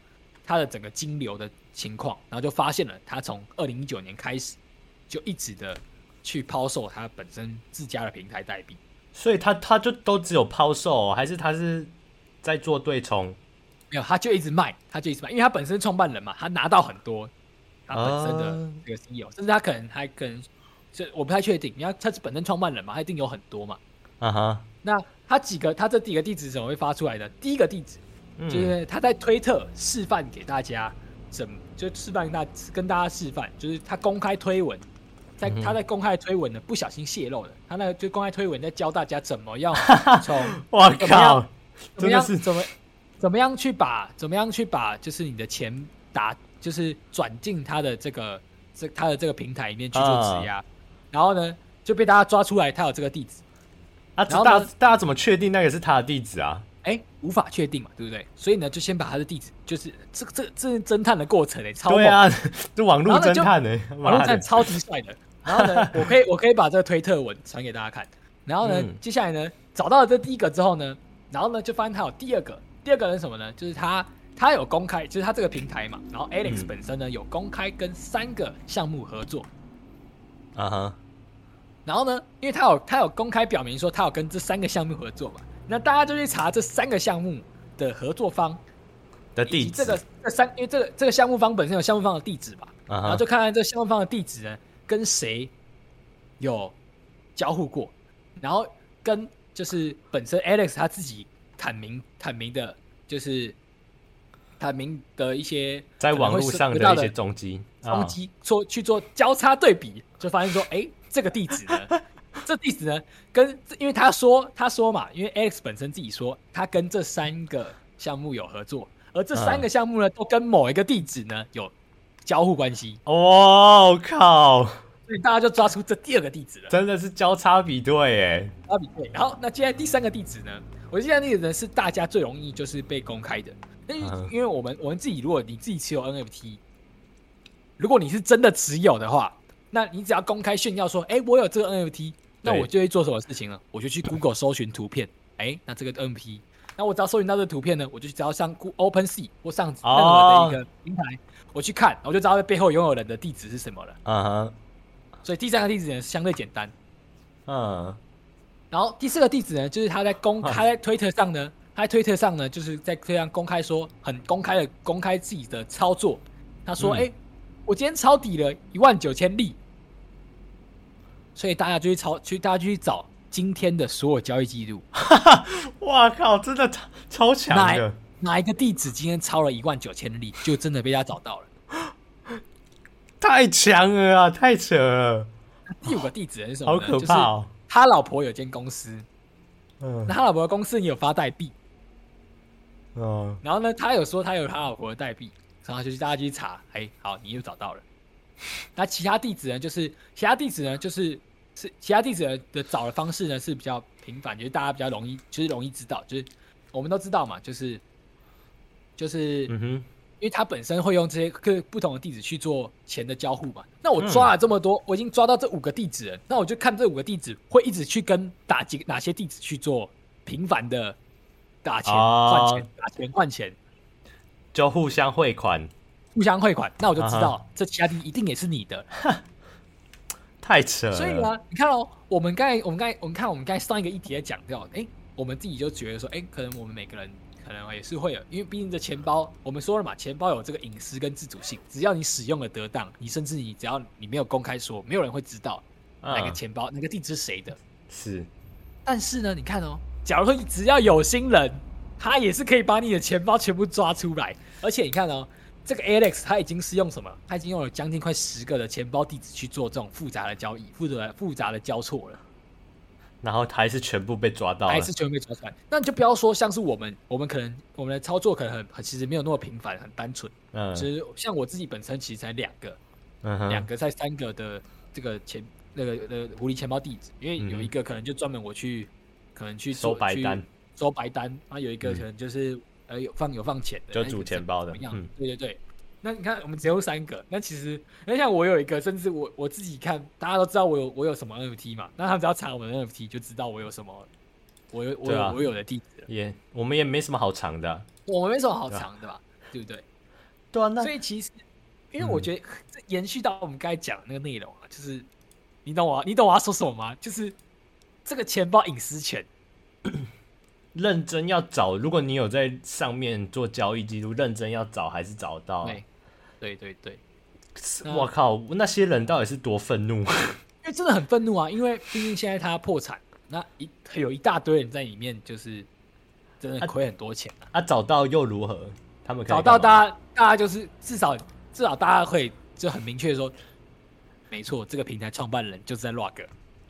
他的整個金流的情況，然後就發現了他從二零一九年開始就一直的。去拋售他本身自家的平台代幣，所以他他就都只有拋售，還是他是，在做對沖？沒有，他就一直賣，他就一直賣，因為他本身創辦人嘛，他拿到很多，他本身的一個 CEO，uh... 甚至他可能還可能，這我不太確定。你要他是本身創辦人嘛，他一定有很多嘛。啊哈，那他幾個他這幾個地址怎麼會發出來的？第一個地址就是他在推特示範給大家怎，就示範大跟大家示範，就是他公開推文。在他在公開推文呢不小心洩露了，他那個就公開推文在教大家怎麼樣從我 [LAUGHS] 靠，真的是怎麼怎麼樣去把怎麼樣去把就是你的錢打就是轉進他的這個這他的這個平台裡面去做質押，然後呢就被大家抓出來，他有這個地址啊，然大家怎麼確定那個是他的地址啊？哎，無法確定嘛，對不對？所以呢就先把他的地址，就是這個這這是偵探的過程哎，對啊，這網絡偵探哎，網絡偵探超級帥的。 [LAUGHS] 然後呢，我可以我可以把這個推特文傳給大家看。然後呢、嗯，接下來呢，找到了這第一個之後呢，然後呢，就發現他有第二個，第二個是什麼呢？就是他他有公開，就是他這個平台嘛。然後 Alex 本身呢、嗯、有公開跟三個項目合作。啊、嗯、哈。然後呢，因為他有他有公開表明說他有跟這三個項目合作嘛，那大家就去查這三個項目的合作方的地址。這個這三，因為這個這個項目方本身有項目方的地址吧，嗯、然後就看看這項目方的地址呢。跟誰有交互過？然後跟就是本身 Alex 他自己坦明坦明的，就是坦明的一些的在網絡上的一些蹤跡，蹤跡說去做交叉對比，就發現說，哎、欸，這個地址呢， [LAUGHS] 這地址呢，跟因為他說他說嘛，因為 Alex 本身自己說，他跟這三個項目有合作，而這三個項目呢、嗯，都跟某一個地址呢有交互關係。哇、哦、靠！大家就抓出這第二個地址了，真的是交叉比對、欸、比對，哎，比對。然後那接下來第三個地址呢？我現在那個人是大家最容易就是被公開的，因為因為我們、嗯、我們自己，如果你自己持有 NFT，如果你是真的持有的話，那你只要公開炫耀說，哎、欸，我有這個 NFT，那我就會做什麼事情了？我就去 Google 搜尋圖片，哎、欸，那這個 NP，那我只要搜尋到這個圖片呢，我就只要上 OpenSea 或上任何的一個平台、哦，我去看，我就知道背後擁有人的地址是什麼了。啊、嗯、哈。所以第三個地址呢，相對簡單，嗯，然後第四個地址呢，就是他在公、啊、他在推特上呢，他在推特上呢，就是在推特上公開說，很公開的公開自己的操作。他說：“哎、嗯欸，我今天抄底了一萬九千例。”所以大家就去抄去，大家就去找今天的所有交易記錄。哈哈，哇靠，真的超超強的！哪一個地址今天抄了一萬九千例，就真的被他找到了。 [LAUGHS] 太強了啊！太扯了。第五個地址是什麼呢？哦，好可怕哦。就是他老婆有間公司，嗯，那他老婆的公司，你有發代幣，嗯，然後呢，他有說他有他老婆的代幣，然後就去大家去查，哎、欸，好，你又找到了。 [LAUGHS] 那其他地址呢？就是其他地址呢？就是是其他地址的找的方式呢是比較頻繁。就是大家比較容易，就是容易知道，就是我們都知道嘛，就是就是嗯哼。因為他本身會用這些各不同的地址去做錢的交互嘛，那我抓了這麼多，嗯、我已經抓到這五個地址了，那我就看這五個地址會一直去跟打幾個哪些地址去做頻繁的打錢換、哦、錢打錢換錢，就互相匯款，互相匯款，那我就知道、uh -huh. 這家庭一定也是你的， [LAUGHS] 太扯了。所以呢，你看哦，我們剛才我們剛才我們看我們剛才上一個議題也講到，誒、欸，我們自己就覺得說，誒、欸，可能我們每個人。也是會有，因為畢竟這錢包，我們說了嘛，錢包有這個隱私跟自主性。只要你使用了得當，你甚至你只要你沒有公開說，沒有人會知道哪個錢包、啊、哪個地址是誰的。是，但是呢，你看哦，假如說只要有心人，他也是可以把你的錢包全部抓出來。而且你看哦，這個 Alex 他已經是用什麼？他已經用了將近快十個的錢包地址去做這種複雜的交易，複雜複雜的交錯了。然後還是全部被抓到了，還是全部被抓出來。那你就不要說像是我們，我們可能我們的操作可能很很，其實沒有那麼頻繁，很單純。嗯，其、就、實、是、像我自己本身其實才兩個，兩、嗯、個才三個的這個錢那個那個狐狸錢包地址，因為有一個可能就專門我去可能去，、嗯、去，收去收白單，收白單。啊，有一個可能就是呃有放、嗯、有放錢的，就主錢包的、那個錢樣。嗯，對對對。那你看，我們只有三個。那其實，那像我有一個，甚至我我自己看，大家都知道我有我有什麼 NFT 嘛。那他只要查我們 NFT，就知道我有什麼。我有、啊、我有我有的地址。也、yeah，我們也沒什麼好藏的、啊。我們沒什麼好藏的吧、啊？對不對？對啊，那所以其實，因為我覺得延續到我們該講那個內容啊，就是你懂我，你懂我要說什麼嗎？就是這個錢包隱私權 [COUGHS] 認真要找，如果你有在上面做交易記錄，認真要找，還是找到。對對對，我靠！那些人到底是多憤怒、啊？ [LAUGHS] 因為真的很憤怒啊！因為畢竟現在他破產，那一有一大堆人在裡面，就是真的虧很多錢、啊。他、啊啊、找到又如何？他們可以找到大家，大家就是至少至少大家會就很明確說，沒錯，這個平台創辦人就是在 r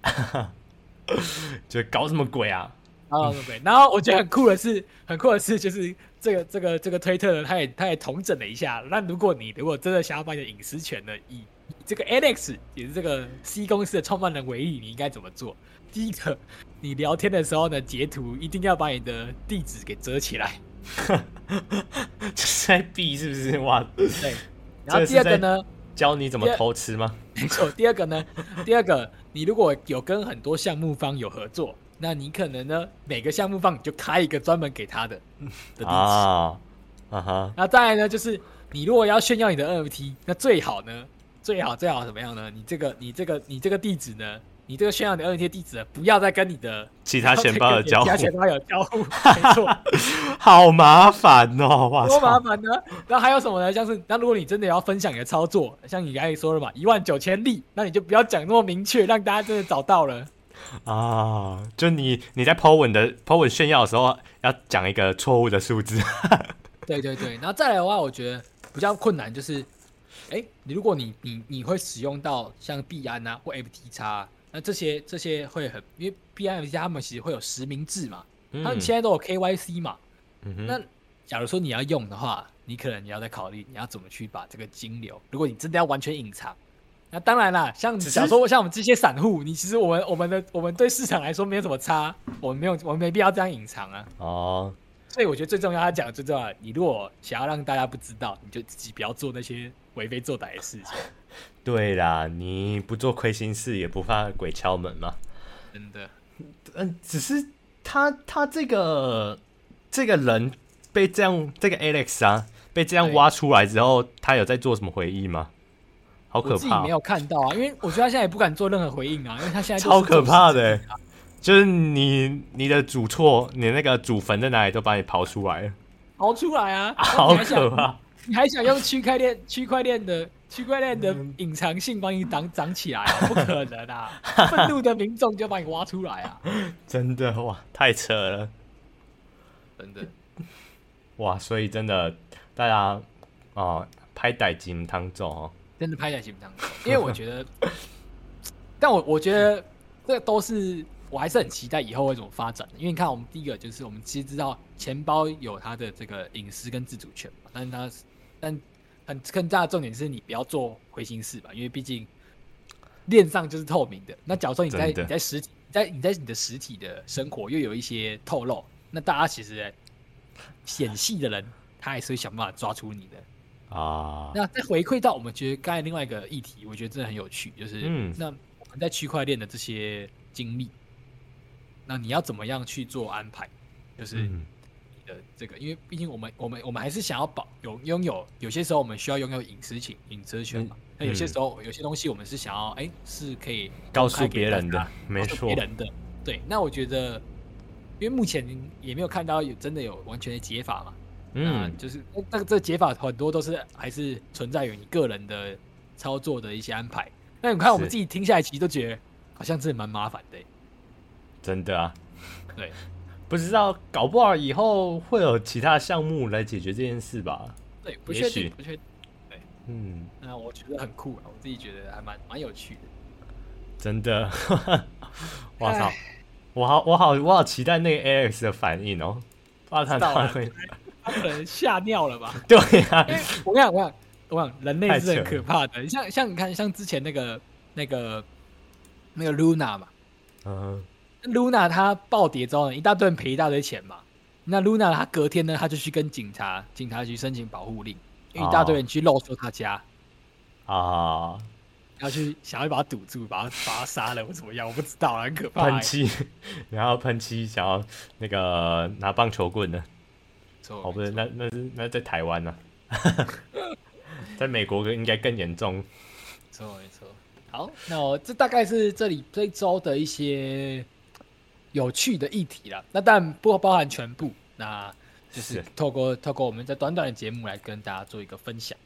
哈，g 就搞什麼鬼啊！啊、okay. 嗯，然後我覺得很酷的是，很酷的是，就是這個這個這個推特呢，他也他也同整了一下。那如果你如果真的想要把你的隱私權呢，以這個 Alex 也是這個 C 公司的創辦人為例，你應該怎麼做？第一個，你聊天的時候呢，截圖一定要把你的地址給遮起來， [LAUGHS] 就是在 b 是不是？哇，對。然後第二個呢，教你怎麼偷吃嗎？沒錯、哦。第二個呢，第二個，你如果有跟很多項目方有合作。那你可能呢，每個項目方你就開一個專門給他的、嗯、的地址啊哈。Oh, uh -huh. 那再來呢，就是你如果要炫耀你的 NFT，那最好呢，最好最好怎麼樣呢？你這個你這個你這個地址呢，你這個炫耀你的 NFT 地址，不要再跟你的其他錢包有交互，其他錢包有交互，沒 [LAUGHS] 錯， [LAUGHS] [LAUGHS] 好麻煩哦，多麻煩呢。那還有什麼呢？像是那如果你真的要分享你的操作，像你剛才說的嘛，一萬九千例，那你就不要講那麼明確，讓大家真的找到了。啊、oh，，就你你在 po 文的 po 文炫耀的時候，要講一個錯誤的數字呵呵。對對對，那再來的話，我覺得比較困難就是，誒、欸，你如果你你你會使用到像幣安啊或 FTX 啊，那這些這些會很，因為幣安 FTX 他們其實會有實名制嘛，嗯、他們現在都有 KYC 嘛、嗯哼。那假如說你要用的話，你可能你要再考慮你要怎麼去把這個金流，如果你真的要完全隱藏。那、啊、當然啦，像假如說像我們這些散戶，你其實我們我們的我們對市場來說沒有什麼差，我們沒有我們沒必要這樣隱藏啊。哦，所以我覺得最重要的，他講的最重要，你如果想要讓大家不知道，你就自己不要做那些為非作歹的事情。對啦，你不做虧心事，也不怕鬼敲門嘛。真的，嗯，只是他他這個這個人被這樣這個 Alex 啊被這樣挖出來之後，他有在做什麼回憶嗎？好可怕！自己沒有看到啊，因為我覺得他現在也不敢做任何回應啊，因為他現在、啊、超可怕的、欸，就是你你的祖厝，你那個祖墳在哪裡都把你刨出來，刨出來啊，啊，好可怕！你還想用區塊鏈區塊鏈的區塊鏈的隱藏性幫你擋擋起來、啊？不可能啊！憤 [LAUGHS] 怒的民眾就把你挖出來啊！真的哇，太扯了，真的哇！所以真的大家啊、呃，拍歹金湯總哦。真的拍起來相，因為我覺得， [COUGHS] 但我我覺得這都是我還是很期待以後會怎麼發展的。因為你看，我們第一個就是我們其實知道錢包有它的這個隱私跟自主權嘛，但是它但很更大的重點是你不要做虧心事吧，因為畢竟鏈上就是透明的。那假如說你在你在實體在你在你的實體的生活又有一些透露，那大家其實顯細的人他還是會想辦法抓出你的。啊、uh...，那再回饋到我們覺得剛才另外一個議題，我覺得真的很有趣，就是那我們在區塊鏈的這些經歷，那你要怎麼樣去做安排？就是你的這個，因為畢竟我們我們我們還是想要保有擁有，有些時候我們需要擁有隱私情，隱私權嘛。那、嗯、有些時候有些東西我們是想要哎是可以、啊、告訴別人的，沒錯，別人的對。那我覺得，因為目前也沒有看到有真的有完全的解法嘛。嗯，就是那個這個解法很多都是還是存在於你個人的操作的一些安排。那你看我們自己聽下來，其實都覺得好像真的的、欸、是蠻麻煩的。真的啊？對，不知道，搞不好以後會有其他項目來解決這件事吧？對，不確定，不確定。對，嗯。那我覺得很酷啊，我自己覺得還蠻蠻有趣的。真的？我 [LAUGHS] 操！我好，我好，我好期待那個 A. X 的反應哦、喔！哇，他他他可能嚇尿了吧？ [LAUGHS] 對呀、啊，我跟你講我講我講，人類是很可怕的。像像你看，像之前那個那個那個露娜嘛，嗯，露娜她暴跌之後，一大堆人賠一大堆錢嘛。那露娜她隔天呢，她就去跟警察警察局申請保護令，oh. 一大堆人去肉搜她家啊，他、oh. 去想要把他堵住，把他把他殺了或怎麼樣，我不知道，很可怕、欸。噴漆， [LAUGHS] 然後噴漆，想要那個拿棒球棍的。哦，喔，不是，那那是那在台灣啊， [LAUGHS] [LAUGHS] 在美國應該更嚴重。沒錯，沒錯。好，那我這大概是這裡這一周的一些有趣的議題啦。那但不包含全部，那就是透過是透過我們在短短的節目來跟大家做一個分享。